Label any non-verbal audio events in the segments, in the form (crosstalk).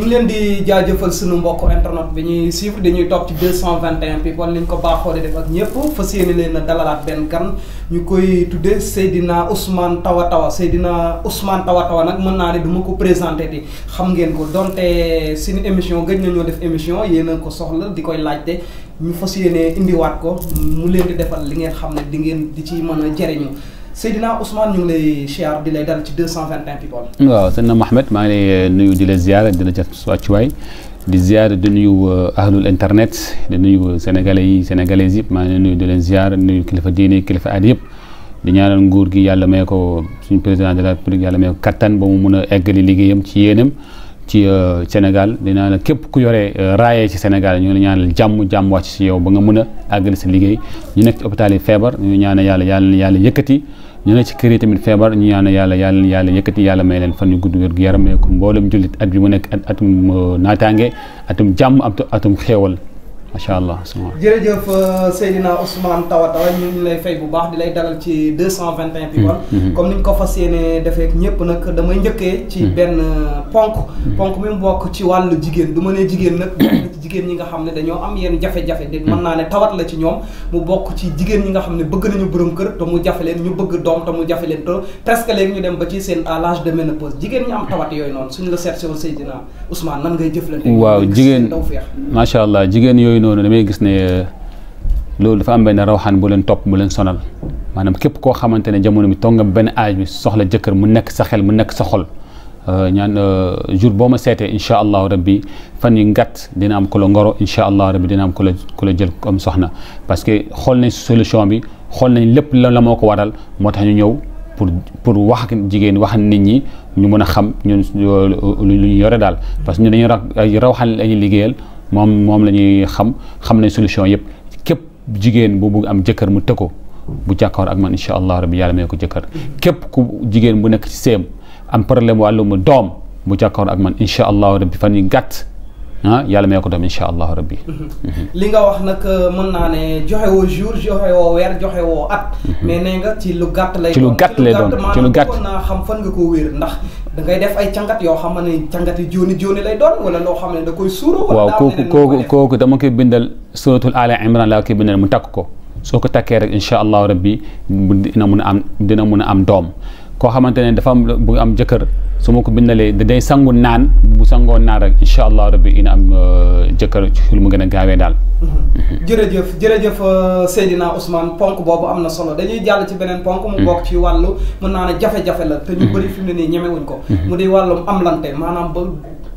ñu leen di jaajëfal sunu mbokk internet bi ñuy suivre dañuy topp ci in people ni ñu ko baaxoo di def ak ñëpp fas yéene leen a dalalaat benn gan ñu koy tuddee Seydina Ousmane Tawa Tawa Seydina Ousmane Tawa Tawa nag mën naa ne du ma ko présenté di xam ngeen ko donte suñu émission gëj nañoo def émission yéen a ko soxla di koy laajte ñu fas yéene indiwaat ko mu leen di defal li ngeen xam ne di ngeen di ci mën a jëriñu. Seydina Ousmane ñu ngi lay siyaar di lay dal ci 221 people. waaw sëñ Mouhamed maa ngi lay euh, nuyu di la ziar di la jot sa wàccuwaay di ziar di nuyu euh, ahlul internet di nuyu sénégalais yi sénégalaises yëpp maa ngi nuyu di leen ziar nuyu kilifa diine kilifa aada yëpp. di ñaanal nguur gi yàlla may ko suñu président de la république yàlla may ko kattan boobu mu mun a eggali liggéeyam ci yéenam. ci euh, Sénégal dinaa na képp ku yore euh, raayee si Sénégal ñu ngi ñaanal jàmm jàmm wàcc si yow ba nga mën a àggali sa liggéey ñu nekk ci hôpital feebar ñu ñaanal yàlla yàlla yàlla yëkkati ñu ne ci kër yi tamit feebar ñu ñaanal yàlla yàlla yàlla yëkkati yàlla may leen fan yu gudd wér gu yaram ko mboolem jullit at bi mu nekk atum euh, naataange atum jàmm atum xéewal macha allah suma jërëjëf euh, Seydina Ousmane Tawa Tawa ñu ngi lay fay bu baax di lay dalal ci deux cent vingt et un hmm, People hmm, hmm. comme ni ñu ko fas yéene defee ñëpp nag damay njëkkee ci benn euh, ponk ponk mu mbokk ci wàllu jigéen du ma nee jigéen nag jigéen ñi nga xam ne dañoo am yenn jafe-jafe de mën naa ne tawat la ci ñoom mu bokk ci jigéen ñi nga xam ne bëgg nañu borom kër te mu jafe leen ñu bëgg doom te mu jafe leen te presque léegi ñu dem ba ci seen à l'âge de ménopause jigéen ñi am tawat yooyu noonu suñu la seet si woon Seydina Ousmane nan ngay jëflante waaw jigéen macha allah jigéen yooyu noonu damay gis ne euh, loolu dafa am benn rawxaan bu leen topp bu leen sonal maanaam képp koo xamante ne jamono bi toog nga benn âge bi soxla jëkkër mu nekk sa xel mu nekk sa xol Euh, ñaan euh, jour boo ma seetee incha allahu rabbi fan yu ngat dina am ku ngoro incha allah rabbi dina am ku ku la jël comme soxna parce que xool nañ solution bi xool nañ lépp la la moo ko waral moo tax ñu ñëw pour pour wax ak jigéen wax nit ñi ñu mën a xam ñun euh, lu ñu yore daal parce que ñu dañuy ra ay rawxaan la ñuy liggéeyal moom moom la ñuy xam xam nañ solution yëpp képp jigéen bu bugg am jëkkër mu tëkko bu jàkkaar ak man incha allah rabbi yàlla may ko jëkkër képp ku jigéen bu nekk ci seem am problème wàllum doom bu jàkkaarloo ak man incha allahu rabbi fan yu gàtt ah yàlla may ko doom incha rabbi mhm. li nga wax nag euh, mën naa ne joxe woo jour joxe woo weer joxe woo at. Mhm. mais nee ci lu gàtt lay. ci lu gàtt lay doon ci lu gàtt xam fan nga koo wéer ndax. da ngay def ay cangat yoo xam ne cangati jooni jooni lay doon wala loo xam ne da koy suuru. waaw kooku kooku kooku dama koy bindal suratul Aali Imran laa koy bindal mu takk ko soo ko takkee rek incha allahu rabbi dina mun a am dina mun a am doom. koo xamante ne dafa am bu am jëkkër su ma ko bindalee day sangu naan bu sangoo naan rek incha allah rabbi ina am euh, jëkkër ci lu mu gën a gaawee daal. Mhm. jërëjëf jërëjëf euh, Seydina Ousmane ponk boobu am na solo dañuy jàll ci beneen ponk. mu mhm. bokk ci wàllu mën naa ne jafe-jafe la. te ñu mhm. bëri fi ne ñemewuñ ko. mu di wàllum am lante maanaam ba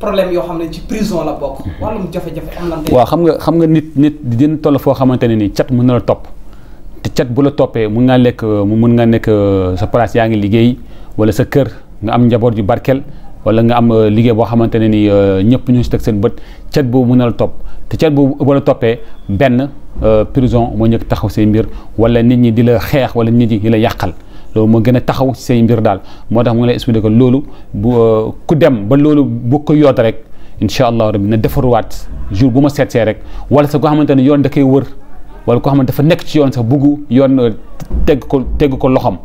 problème yoo xam ne ci prison la bokk. wàllum jafe-jafe am lante. waaw xam nga xam nga nit nit dina toll foo xamante ne nii cat mën na topp. cat bu la toppee mun ngaa lekk mu mun nga nekk euh, sa place yaa ngi liggéey wala sa kër nga am njaboot yu barkel wala nga am euh, liggéey boo xamante ne ni euh, ñëpp ñu si teg seen bët cat boobu mun na la topp te cat boobu bu la toppee benn prison moo ñëkk taxaw say mbir wala nit ñi di la xeex wala nit ñi di la yàqal loolu gën a taxaw ci mbir daal moo tax mu ngi loolu bu ku dem ba loolu bu ko yoot rek incha allah rabbi na defaruwaat jour bu ma seetsee rek wala sa koo xamante yoon da wër wala ko xam ne dafa nekk ci yoon sax buggu yoon teg ko teg ko loxoom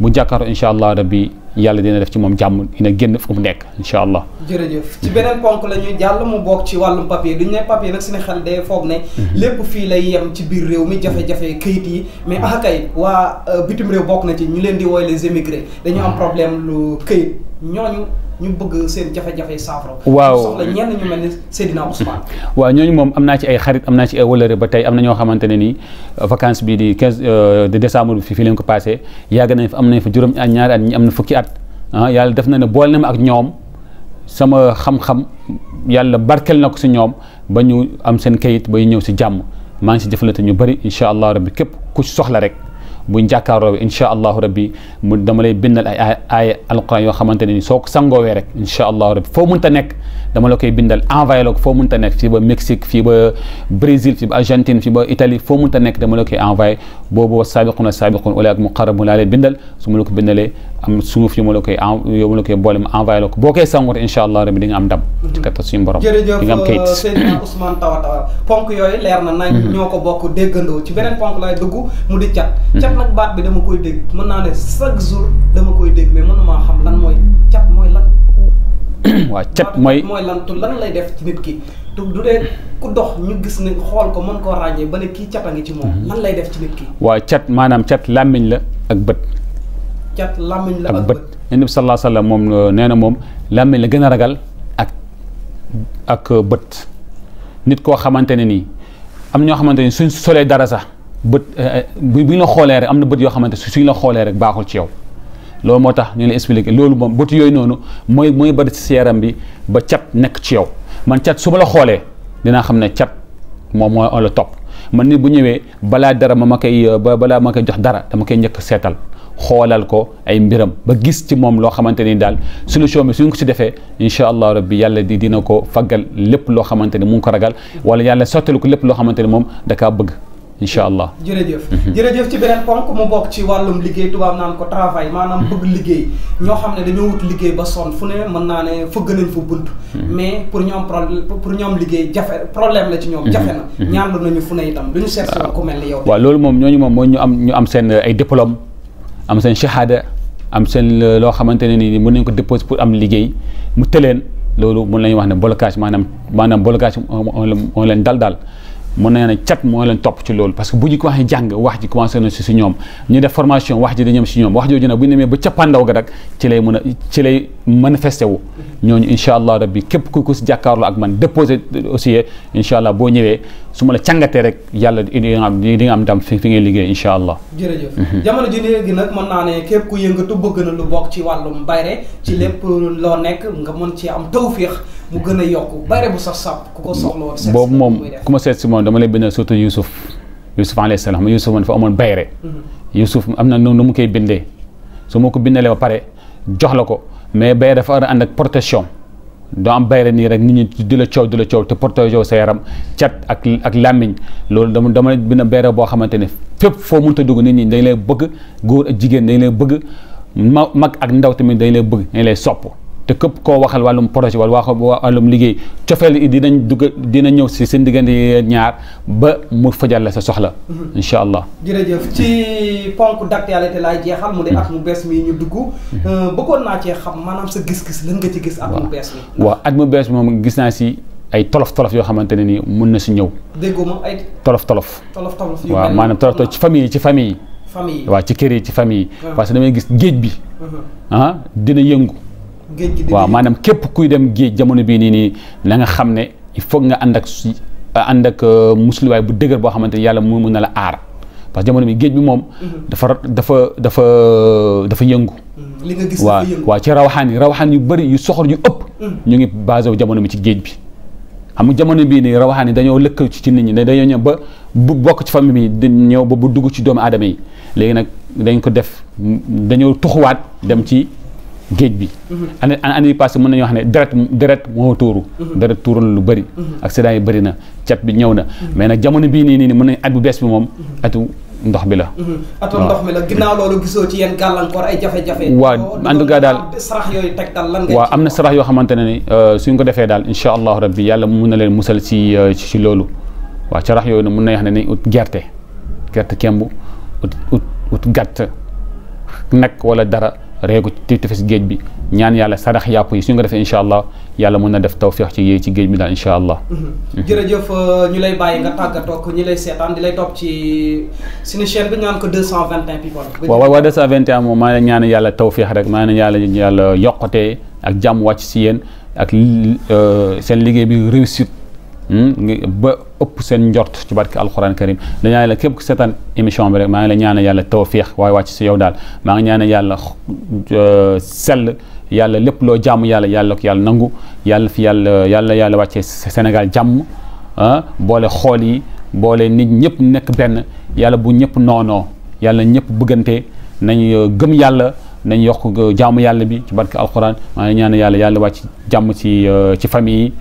bu jàkkaaroo incha allah rabbi yàlla dina def ci moom jàmm dina génn fu mu nekk incha allah. jërëjëf ci beneen ponk la ñuy jàll mu bokk ci wàllum papier duñu ne papier nag suñu xel day foog ne. Mhm. lépp fii lay yem ci biir réew mi jafe-jafe kayit yi. mais mhm. ah kay waa euh, bitim réew bokk na ci ñu leen di woy les émigrés dañu am mhm. problème lu kayit ñooñu. ñu bëgg seen jafe-jafe saafara. waaw soxla ñenn waaw ñooñu moom am naa ci ay xarit am naa ci ay wëllëre ba tey am na ñoo xamante ne nii vacance bii di 15 euh, de décembre bi fii leen ko passé yàgg nañ fa am nañ fa juróom ñaari at ñi am na fukki at ah yàlla def na ne boole na ma ak ñoom sama xam-xam yàlla barkel na ko si ñoom ba ñu am seen kayit bay ñëw si jàmm maa ngi si jëflante ñu bëri incha allah rabbi képp ku soxla rek buñ jàkkaaroo incha allahu rabbi mu dama lay bindal ay ay alquran yoo xamante ne ni soo ko sangoowee rek incha allahu rabbi foo munta nekk dama la koy bindal envoyé la ko foo munta nekk fii ba Mexique fii ba Brésil fii ba Argentine fii ba Italie foo munta nekk dama la koy envoyé boobu wa saabiquna saabiqun ulaa'ika muqarrabun laa lay bindal su ma la ko bindalee am sunguf yu ma la koy yu ma boole ma envoyé la ko boo koy sangoot incha allah rabi di nga am ndam ci katta suñu borom di nga euh, (coughs) ponk yooyu leer na nañ mm-hmm. ñoo ko bokk déggandoo ci beneen ponk laay dugg mu di cat mm-hmm. cat nag baat bi dama koy dégg mën naa ne chaque jour dama koy dégg mais mooy cat mooy lan (coughs) waaw cat mooy mooy lan lay def ci nit ki du du dee ku dox ñu gis ne xool ko mën koo ràññee ba ne kii cat a ngi ci moom mm-hmm. lan lay def ci nit ki waaw cat maanaam cat làmmiñ la ak bët cat làmmiñ la ak bët nabi sallallahu alayhi wa moom euh, nee na moom làmmiñ la gën a ragal ak ak euh, bët nit koo xamante ne nii am ñoo xamante ni suñ solee dara sax bët euh, bu ñu la xoolee rek am na bët yoo xamante suñ la xoolee rek baaxul ci yow loolu moo tax ñu la expliqué loolu moom bët yooyu noonu mooy mooy bari si yaram bi ba cat nekk ci yow man cat su ma la xoolee dinaa xam ne cat moom moo la topp man nit bu ñëwee balaa dara ma ma koy balaa ma koy jox dara dama koy njëkk seetal xoolal ko ay mbiram ba gis ci moom loo xamante ni daal solution bi suñ ko si defee incha allah rabbi yàlla di dina ko faggal lépp loo xamante ni mu ngi ko ragal wala yàlla sottal ko lépp loo xamante ni moom da kaa bëgg incha allah jërëjëf mhm. jërëjëf ci beneen ponk mu ci wàllum liggéey tubaab naan ko travail maanaam mhm. bëgg liggéey ñoo xam liggéey ba sonn fu ne mën naa ne fëgg nañ fa bunt mhm. mais pour ñoom problème pour ñoom liggéey jafe problème la ci ñoom jafe na ñaan lu nañu fu ne itam duñu seet ah. ku mel ni yow waaw loolu moom ñooñu moom mooy ñu am ñu am seen ay diplôme am seen shahada am seen euh, loo xamante ne ni mën nañ ko déposer pour am liggéey mu tëleen loolu mën nañu wax ne blocage maanaam maanaam blocage moo leen dal daal mu nee na cat moo leen topp ci loolu parce que bu ñu ko waxee jàng wax ji commencé na si si ñoom ñu def formation wax ji dañu si ñoom wax jooju nag bu rek ci a ci lay manifesté ñëwee su ma la càngatee rek yàlla di am di nga am ndam fi fi ngay liggéey incha allah jërëjëf mhm. jamono ji léegi nag mën naa ne képp ku yëngatu bëgg na lu bokk ci wàllum bayre ci lépp loo nekk nga mën ci am tawféex mu gën a yokk bare bu boobu moom ku ma seet si moom dama lay bindal surtout Youssouf Youssouf alayhi salaam Youssouf man dafa amoon bayre. Mhm. Youssouf am na noonu nu mu koy bindee su ma ko bindalee ba pare jox la ko mais bayre dafa war a ànd ak bayre nii rek nit ñi di la coow di la coow te protéger sa yaram cat ak ak làmmiñ loolu dama dama bind bayre boo xamante ne fépp foo mun a dugg nit ñi dañ lay bëgg góor ak jigéen dañ lay bëgg mag ak ndaw tamit dañ lay bëgg dañ lay sopp te këpp koo waxal wàllum projet wala waa wàllum liggéey cofeel yi dinañ dugg dina ñëw si seen diggante ñaar ba mu fajal la sa soxla. Mhm. incha allah jërëjëf ci ponk d'actualité laay jeexal. mu di mhm. at mu bees mi ñu dugg. Mhm. Euh, bëggoon naa cee xam maanaam sa gis-gis lan nga ci gis. at mu bees mi waaw at mu bees moom gis naa si. ay tolof tolof yoo xamante ne ni mun na si ñëw. déggoo ay. tolof tolof. tolof tolof waaw maanaam tolof tolof ci famille ci fami famille waaw ci kër yi ci famille. parce que damay gis géej bi. ah dina yëngu. waaw maanaam képp kuy dem géej jamono bii nii nii na nga xam ne il faut nga ànd ak su ah, ànd ak euh, musliwaay bu dëgër boo xamante ni yàlla mu mun na la aar parce que jamono bi géej bi moom. Mm-hmm. dafa dafa dafa dafa yëngu. Mm-hmm. li waaw ci rawaxaan yi rawaxaan yu bëri yu soxor yu ëpp. Mm-hmm. ñu ngi basé wu jamono bi ci géej bi. xam jamono bii nii rawaxaan yi dañoo lëkk ci nit ñi dañoo ñëw ba bu bokk ci famille bi ñëw ba bu dugg ci doomu aadama yi léegi nag dañ ko def dañoo tuxuwaat dem ci. géej bi. Mhm. année année yi passé mën nañu wax ne deret deret moo tuuru. Mhm. deret tuuru na lu bari mhm. accident yi bëri na cat bi ñëw na. mais nag jamono bii nii nii mën nañu at bu bees bi moom at ndox bi la. atu ndox mi la ginnaaw loolu gisoo daal sarax yooyu tegtal lan am na sarax yoo xamante ne ni euh, suñ ko defe daal incha allahu rabbi yàlla mun na leen musal si si euh, loolu wa sarax yooyu na mun na wax ne ni ut gerte gerte kemb ut ut ut nag wala dara. ree ko ci tefes géej bi ñaan yàlla sarax yàpp yi suñu ko defee incha allah yàlla mën na def tawféex ci yéey ci géej bi daal incha allah. Mhm. jërëjëf euh, ñu lay bàyyi nga tàggatoo ko ñu lay seetaan di lay topp ci suñu chaîne bi ñu naan ko 221 people. waaw waaw 221 moom maa ngi ñaan yàlla tawféex rek maa ngi ñaan yàlla yàlla yokkute ak jàmm wàcc si yéen ak euh, seen liggéey bi réussite. Hmm? ba ëpp seen njort ci barke alxuraan karim dañaa la képp ku seetaan émission bi rek maa ngi la ñaanal yàlla tawfiix waaye wàcc si yow daal maa ngi ñaanal yàlla euh, sell yàlla lépp loo jàmm yàlla yàlla yàlla nangu yàlla fi yàlla yàlla yàlla wàccee Sénégal jàmm ah, boole xool yi boole nit ñëpp nekk benn yàlla bu ñëpp noonoo yàlla ñëpp bëggante nañ euh, gëm yàlla nañ yokk euh, jàmm yàlla bi ci barke alxuraan maa ngi ñaanal yàlla yàlla wàcc jàmm ci famille yi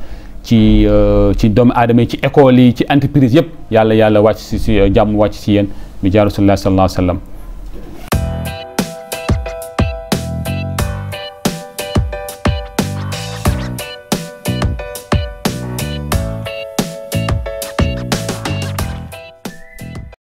ci euh, ci doomu aadama yi ci école yi ci entreprise yëpp yàlla yàlla wàcc si si euh, jàmm wàcc si yéen bi jaaru sallallahu alayhi wa